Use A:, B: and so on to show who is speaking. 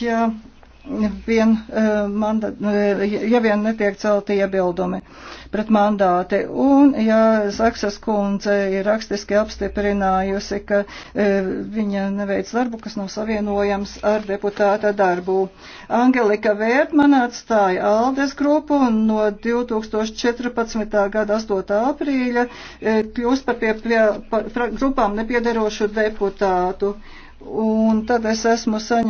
A: ja vien, eh, mandat, eh, ja vien netiek celti iebildumi pret mandāti. Un, ja Zaksas kundze ir rakstiski apstiprinājusi, ka eh, viņa neveic darbu, kas nav savienojams ar deputāta darbu. Angelika Vērtmana atstāja Aldes grupu un no 2014. gada 8. aprīļa kļūst par pie, pie par, par, grupām nepiedarošu deputātu. Un tad es esmu saņēmis.